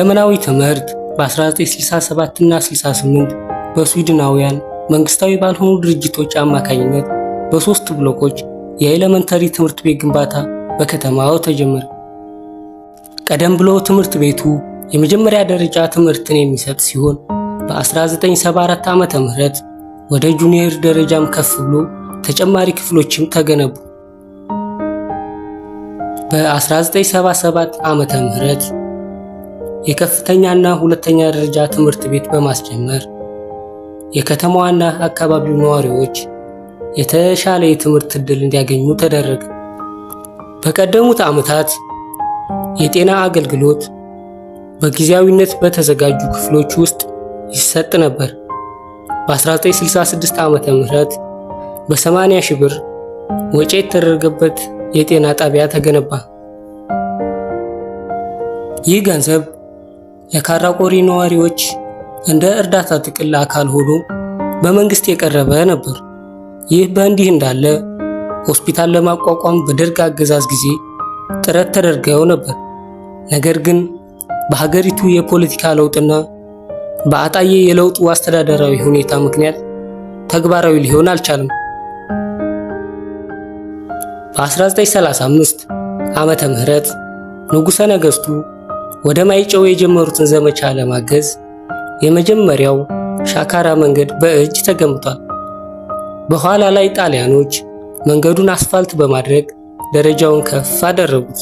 ዘመናዊ ትምህርት በ1967 እና 68 በስዊድናውያን መንግስታዊ ባልሆኑ ድርጅቶች አማካኝነት በሶስት ብሎኮች የኤሌመንተሪ ትምህርት ቤት ግንባታ በከተማው ተጀመረ። ቀደም ብሎ ትምህርት ቤቱ የመጀመሪያ ደረጃ ትምህርትን የሚሰጥ ሲሆን በ1974 ዓመተ ምህረት ወደ ጁኒየር ደረጃም ከፍ ብሎ ተጨማሪ ክፍሎችም ተገነቡ። በ1977 ዓ ምህረት የከፍተኛና ሁለተኛ ደረጃ ትምህርት ቤት በማስጀመር የከተማዋና አካባቢው ነዋሪዎች የተሻለ የትምህርት ዕድል እንዲያገኙ ተደረገ። በቀደሙት ዓመታት የጤና አገልግሎት በጊዜያዊነት በተዘጋጁ ክፍሎች ውስጥ ይሰጥ ነበር። በ1966 ዓ ም በ80 ሺህ ብር ወጪ የተደረገበት የጤና ጣቢያ ተገነባ። ይህ ገንዘብ የካራቆሪ ነዋሪዎች እንደ እርዳታ ጥቅል አካል ሆኖ በመንግስት የቀረበ ነበር። ይህ በእንዲህ እንዳለ ሆስፒታል ለማቋቋም በደርግ አገዛዝ ጊዜ ጥረት ተደርገው ነበር። ነገር ግን በሀገሪቱ የፖለቲካ ለውጥና በአጣዬ የለውጡ አስተዳደራዊ ሁኔታ ምክንያት ተግባራዊ ሊሆን አልቻለም። በ1935 ዓመተ ምህረት ንጉሠ ነገሥቱ ወደ ማይጨው የጀመሩትን ዘመቻ ለማገዝ የመጀመሪያው ሻካራ መንገድ በእጅ ተገምቷል። በኋላ ላይ ጣሊያኖች መንገዱን አስፋልት በማድረግ ደረጃውን ከፍ አደረጉት።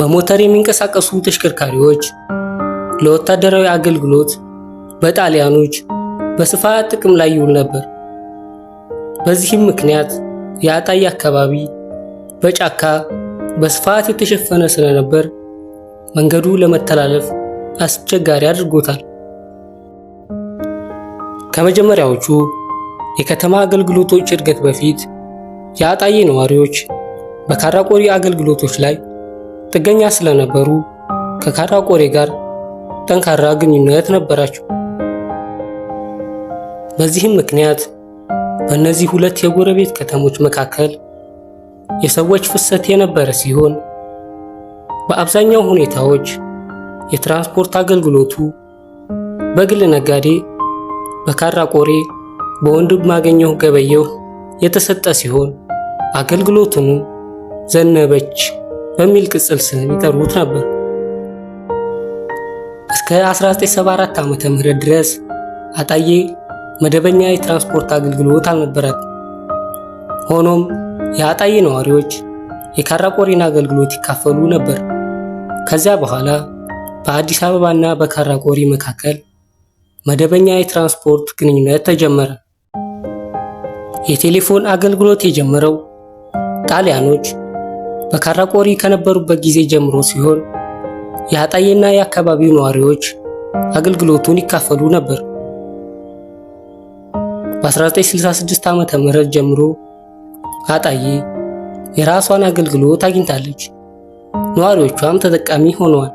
በሞተር የሚንቀሳቀሱ ተሽከርካሪዎች ለወታደራዊ አገልግሎት በጣሊያኖች በስፋት ጥቅም ላይ ይውል ነበር። በዚህም ምክንያት የአጣይ አካባቢ በጫካ በስፋት የተሸፈነ ስለነበር መንገዱ ለመተላለፍ አስቸጋሪ አድርጎታል። ከመጀመሪያዎቹ የከተማ አገልግሎቶች እድገት በፊት የአጣዬ ነዋሪዎች በካራቆሬ አገልግሎቶች ላይ ጥገኛ ስለነበሩ ከካራቆሬ ጋር ጠንካራ ግንኙነት ነበራቸው። በዚህም ምክንያት በእነዚህ ሁለት የጎረቤት ከተሞች መካከል የሰዎች ፍሰት የነበረ ሲሆን በአብዛኛው ሁኔታዎች የትራንስፖርት አገልግሎቱ በግል ነጋዴ በካራ ቆሬ በወንድም ማገኘው ገበየው የተሰጠ ሲሆን አገልግሎቱን ዘነበች በሚል ቅጽል ስም ይጠሩት ነበር። እስከ 1974 ዓመተ ምህረት ድረስ አጣዬ መደበኛ የትራንስፖርት አገልግሎት አልነበራትም። ሆኖም የአጣዬ ነዋሪዎች የካራ ቆሪን አገልግሎት ይካፈሉ ነበር። ከዚያ በኋላ በአዲስ አበባና በካራ ቆሪ መካከል መደበኛ የትራንስፖርት ግንኙነት ተጀመረ። የቴሌፎን አገልግሎት የጀመረው ጣሊያኖች በካራ ቆሪ ከነበሩበት ጊዜ ጀምሮ ሲሆን የአጣዬና የአካባቢው ነዋሪዎች አገልግሎቱን ይካፈሉ ነበር። በ1966 ዓ.ም ጀምሮ አጣዬ የራሷን አገልግሎት አግኝታለች። ነዋሪዎቿም ተጠቃሚ ሆነዋል።